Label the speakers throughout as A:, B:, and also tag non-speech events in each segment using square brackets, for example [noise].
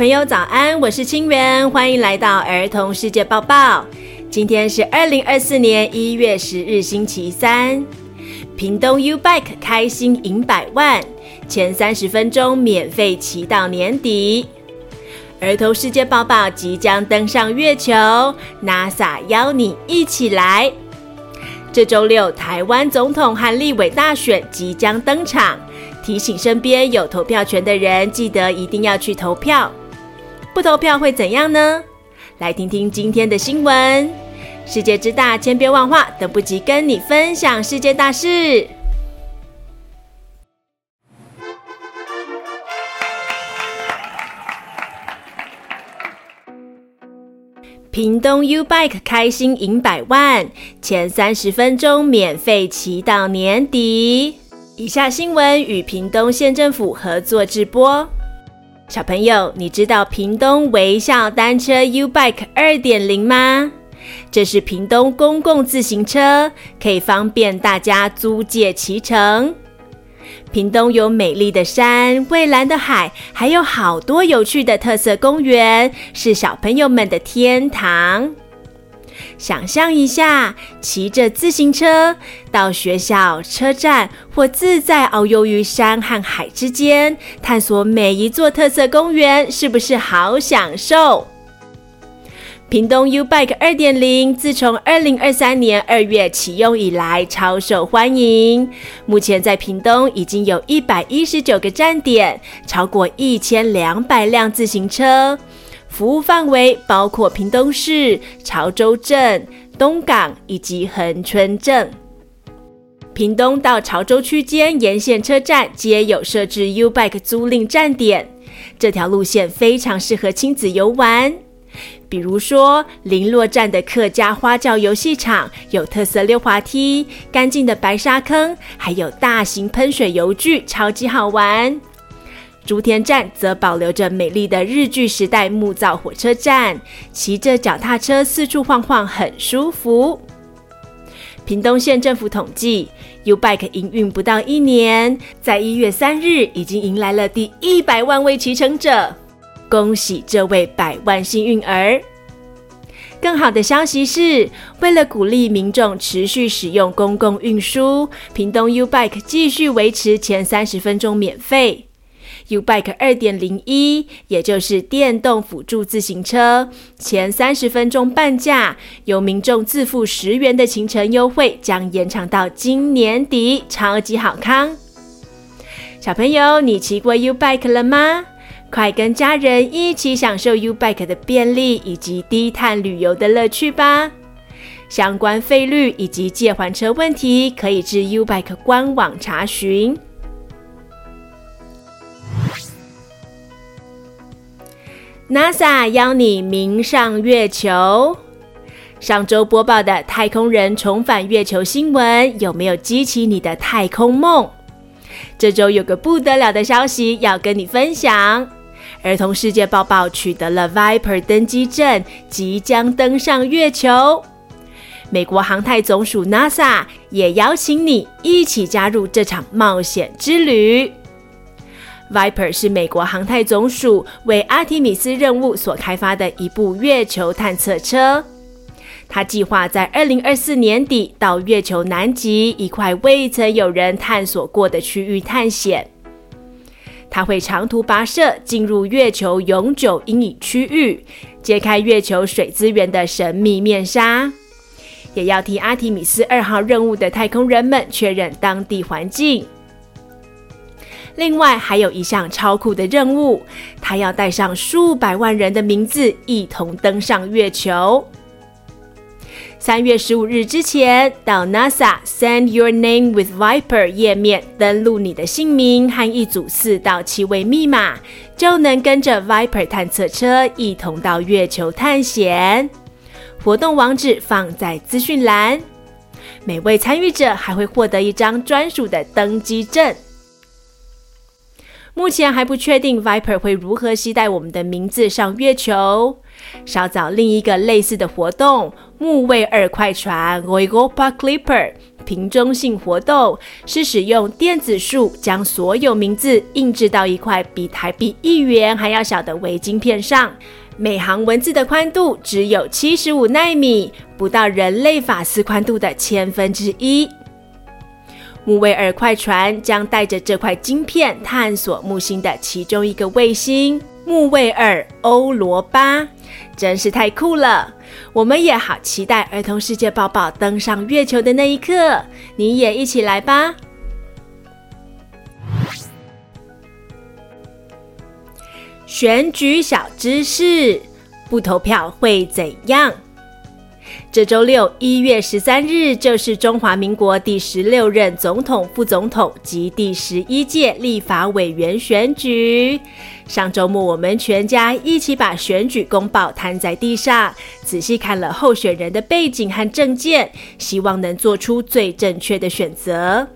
A: 朋友早安，我是清源，歡迎來到兒童世界報報。今天是二零二四年一月十日，星期三。屏東 YouBike 開心迎百萬，前三十分鐘免費騎到年底。兒童世界報報即將登上月球，NASA 邀你一起來。這週六台灣總統和立委大選即將登場，提醒身邊有投票權的人，記得一定要去投票。不投票會怎樣呢？來聽聽今天的新聞。世界之大，千變萬化，等不及跟你分享世界大事。 [music] 屏東 YouBike 開心迎百萬，前三十分鐘免費騎到年底。以下新聞與屏東縣政府合作製播。小朋友，你知道屏東微笑單車 U-Bike 二點零嗎？這是屏東公共自行車，可以方便大家租借騎乘。屏東有美麗的山、蔚藍的海，還有好多有趣的特色公園，是小朋友們的天堂。想象一下，騎着自行車到學校、車站，或自在遨遊於山和海之間，探索每一座特色公園，是不是好享受？屏東 YouBike 二點零自從二零二三年二月啟用以來，超受歡迎。目前在屏東已經有一百一十九個站點，超過一千兩百輛自行車。服務範圍包括屏東市、潮州鎮、東港以及恆春鎮。屏東到潮州區間沿線車站皆有設置 YouBike 租賃站點。這條路線非常適合親子遊玩，比如說麟洛站的客家花轎遊戲場，有特色溜滑梯、乾淨的白沙坑，還有大型噴水遊具，超級好玩。竹田站則保留着美麗的日據時代木造火車站，騎着腳踏車四處晃晃很舒服。屏東縣政府統計，YouBike 營運不到一年，在一月三日已經迎來了第一百萬位騎乘者，恭喜這位百萬幸運兒！更好的消息是，為了鼓勵民眾持續使用公共運輸，屏東 YouBike 繼續維持前三十分鐘免費。YouBike 二點零一，也就是電動輔助自行車，前三十分鐘半價，由民眾自付十元的行程優惠，將延長到今年底，超級好康。小朋友，你騎過 YouBike 了嗎？快跟家人一起享受 YouBike 的便利以及低碳旅遊的樂趣吧。相關費率以及借還車問題，可以至 YouBike 官網查詢。NASA 邀你名上月球。上週播報的太空人重返月球新聞，有沒有激起你的太空夢？這週有個不得了的消息要跟你分享。兒童世界報報取得了 Viper 登機證，即將登上月球。美國航太總署 NASA 也邀請你一起加入這場冒險之旅。VIPER 是美國航太總署為阿提米斯任務所開發的一部月球探測車，他計劃在二零二四年底到月球南極一塊未曾有人探索過的區域探險。他會長途跋涉進入月球永久陰影區域，揭開月球水資源的神秘面紗，也要替阿提米斯二號任務的太空人們確認當地環境。另外還有一項超酷的任務，他要帶上數百萬人的名字，一同登上月球。三月十五日之前到 NASA send your name with Viper 頁面登錄你的姓名和一組四到七位密碼，就能跟着 Viper 探測車一同到月球探險。活動網址放在資訊欄。每位參與者還會獲得一張專屬的登機證。目前還不確定 Viper 會如何攜帶我們的名字上月球。稍早另一個類似的活動——木衛二快船 e u g o p a Clipper） 平中性活動是使用電子束將所有名字印製到一塊比台幣一元還要小的微晶片上，每行文字的寬度只有七十五納米，不到人類法絲寬度的千分之一。木衛二快船將帶着這塊晶片探索木星的其中一個衛星木衛二歐羅巴，真是太酷了！我們也好期待兒童世界報報登上月球的那一刻，你也一起來吧！選舉小知識：不投票會怎樣？這週六一月十三日，就是中華民國第十六任總統、副總統及第十一屆立法委員選舉。上周末，我們全家一起把選舉公報攤在地上，仔細看了候選人的背景和政見，希望能做出最正確的選擇。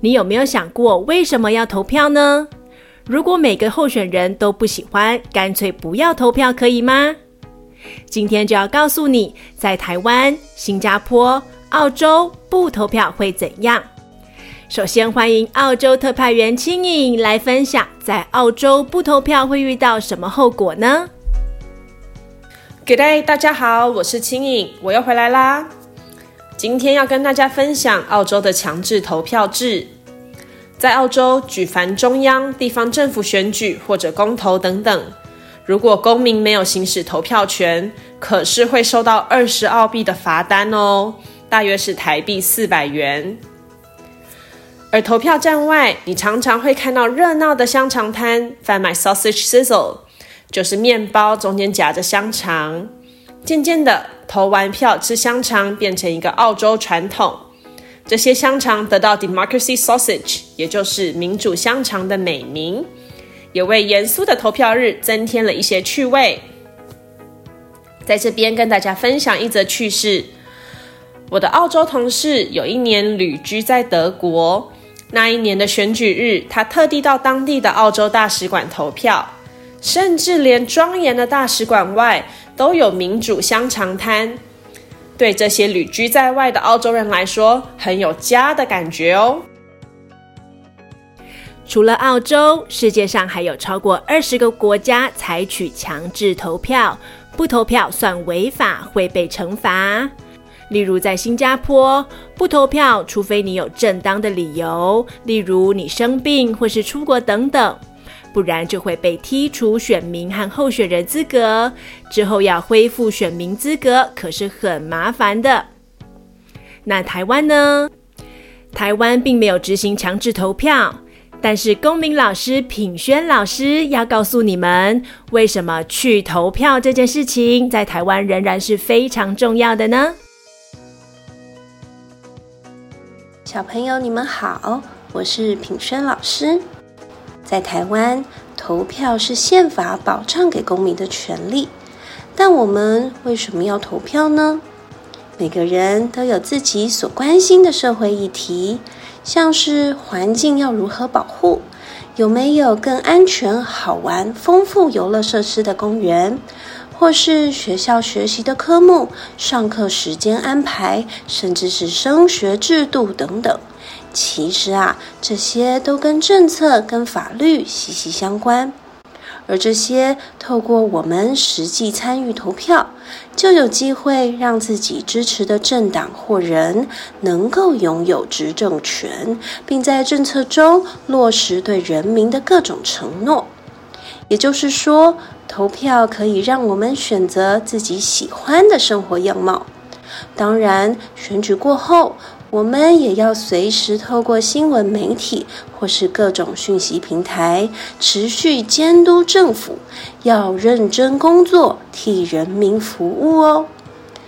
A: 你有沒有想過為什麼要投票呢？如果每個候選人都不喜歡，乾脆不要投票可以嗎？今天就要告訴你，在台灣、新加坡、澳洲不投票會怎樣。首先歡迎澳洲特派員青影來分享，
B: 在澳洲不投票會遇到什麼後果呢？Good day，大家好，我是青影，我又回來啦。今天要跟大家分享澳洲的強制投票制，在澳洲舉凡中央、地方政府選舉或者公投等等。如果公民沒有行使投票權，可是會收到二十澳幣的罰單哦，大約是台幣四百元。而投票站外，你常常會看到熱鬧的香腸攤，販賣 sausage sizzle，就是麵包中間夾着香腸。漸漸的，投完票吃香腸變成一個澳洲傳統，這些香腸得到 democracy sausage，也就是民主香腸的美名。也為嚴肅的投票日增添了一些趣味。在這邊跟大家分享一則趣事：我的澳洲同事有一年旅居在德國，那一年的選舉日，他特地到當地的澳洲大使館投票，甚至連莊嚴的大使館外都有民主香腸攤，對這些旅居在外的澳洲人來說，很有家的感覺哦。除了澳洲，世界
A: 上還有超過二十個國家採取強制投票，不投票算違法，會被懲罰。例如在新加坡，不投票除非你有正當的理由，例如你生病或是出國等等，不然就會被剔除選民和候選人資格。之後要恢復選民資格可是很麻煩的。那台灣呢？台灣並沒有執行強制投票。但是，公民老師品瑄老師要告訴你們，為什麼去投票這件事情在台灣仍然是非常重要的呢？小朋友，你們好，我是品瑄老師。在台
C: 灣，投票是憲法保障給公民的權利。但我們為什麼要投票呢？每個人都有自己所關心的社會議題。像是環境要如何保護，有沒有更安全、好玩、豐富遊樂設施的公園，或是學校學習的科目、上課時間安排，甚至是升學制度等等，其實啊，這些都跟政策、跟法律息息相關。而這些，透過我們實際參與投票，就有機會讓自己支持的政黨或人能夠擁有執政權，並在政策中落實對人民的各種承諾。也就是說，投票可以讓我們選擇自己喜歡的生活樣貌。當然，選舉過後，我們也要隨時透過新聞媒體或是各種訊息平台持續監督政府，要認真工作，替人民服務哦。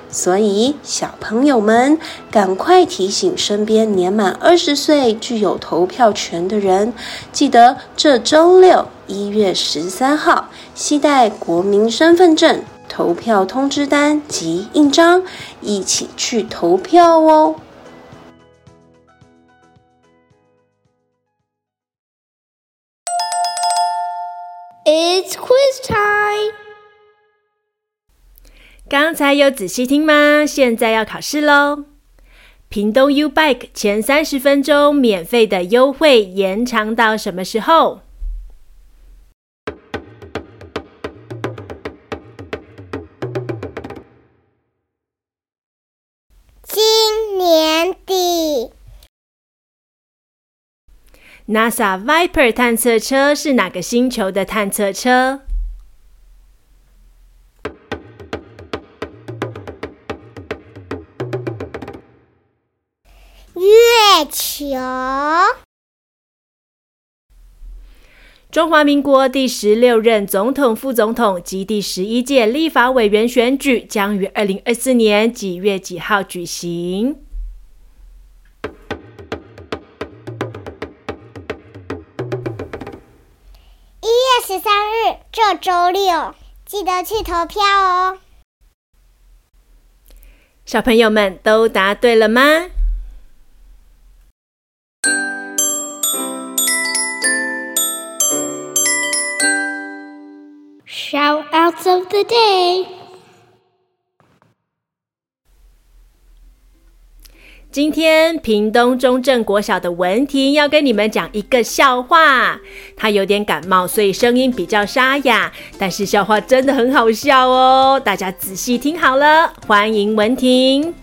C: 所以，小朋友們趕快提醒身邊年滿二十歲具有投票權的人，記得這周六一月十三號，攜帶國民身份證、投票通知單及印章，一起去投票哦。
A: 剛才有仔細聽嗎？現在要考試嘍！屏東 YouBike 前三十分鐘免費的優惠延長到什麼時候？今年底。NASA VIPER 探測車是哪個星球的探測車？月球。中華民國第十六任總統、副總統及第十一屆立法委員選舉將於二零二四年幾月幾號舉行？
C: 一月十三日，這周六，記得去投票哦。
A: 小朋友們都答對了嗎？今天，屏東中正國小的文婷要跟你們講一個笑話。她有點感冒，所以聲音比較沙啞，但是笑話真的很好笑哦！大家仔細聽好了，歡迎文婷。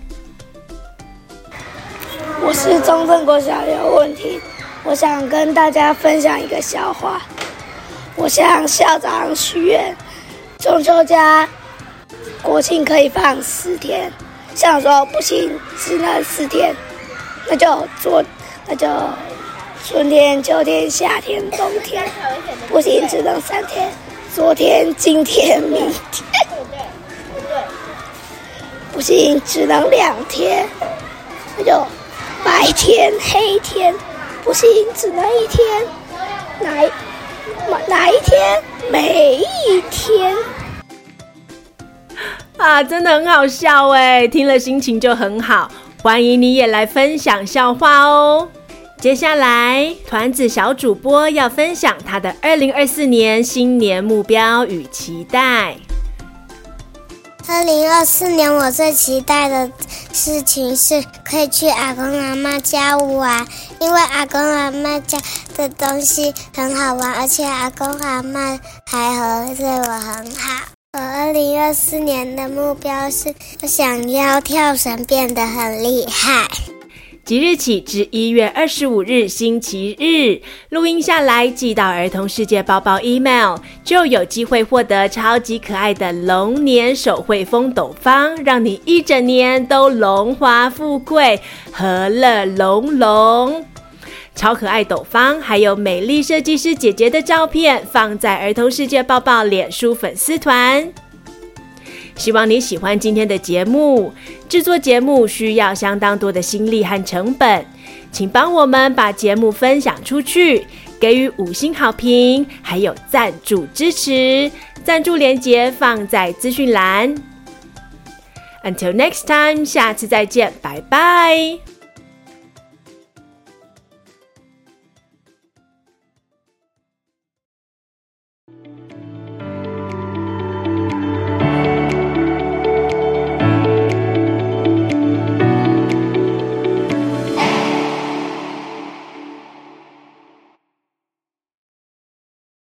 A: 我是
C: 中正國小的文婷，我想跟大家分享一個笑話。我向校長許願。中秋加國慶可以放四天，像說不行，只能四天，那就做，那就春天、秋天、夏天、冬天，不行，只能三天，昨天、今天、明天。不行，只能兩天，那就白天、黑天，不行，只能一天，哪
A: 哪，哪一天？每一天啊，真的很好笑哎，聽了心情就很好。歡迎你也來分享笑話哦。接下來，團子小主播要分享他的2024年新年目標與期待。二
C: 零二四年我最期待的事情是可以去阿公阿媽家玩啊，因為阿公阿媽家的東西很好玩，而且阿公阿媽還和對我很好。我二零二四年的目標是，我想要跳繩變得很厲害。
A: 即日起至一月二十五日星期日，錄音下來寄到兒童世界報報 email，就有機會獲得超級可愛的龍年手繪風斗方，讓你一整年都龍華富貴、和樂龍龍。超可愛斗方，還有美麗設計師姐姐的照片，放在兒童世界報報臉書粉絲團。希望你喜歡今天的節目。制作節目需要相當多的心力和成本，請幫我們把節目分享出去，給予五星好評，還有贊助支持。贊助鏈接放在資訊欄。Until next time，下次再見，拜拜。